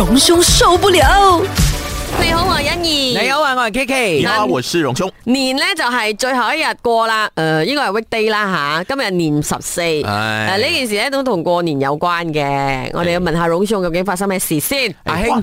榮兄受不了！你好，我係欣怡。你好啊，我係 Kiki。你好，我是榮兄。年咧就係最後一日過啦，誒，應該係 weekday 啦吓，今日年十四。誒，呢件事咧都同過年有關嘅，我哋要問下榮兄究竟發生咩事先。阿兄。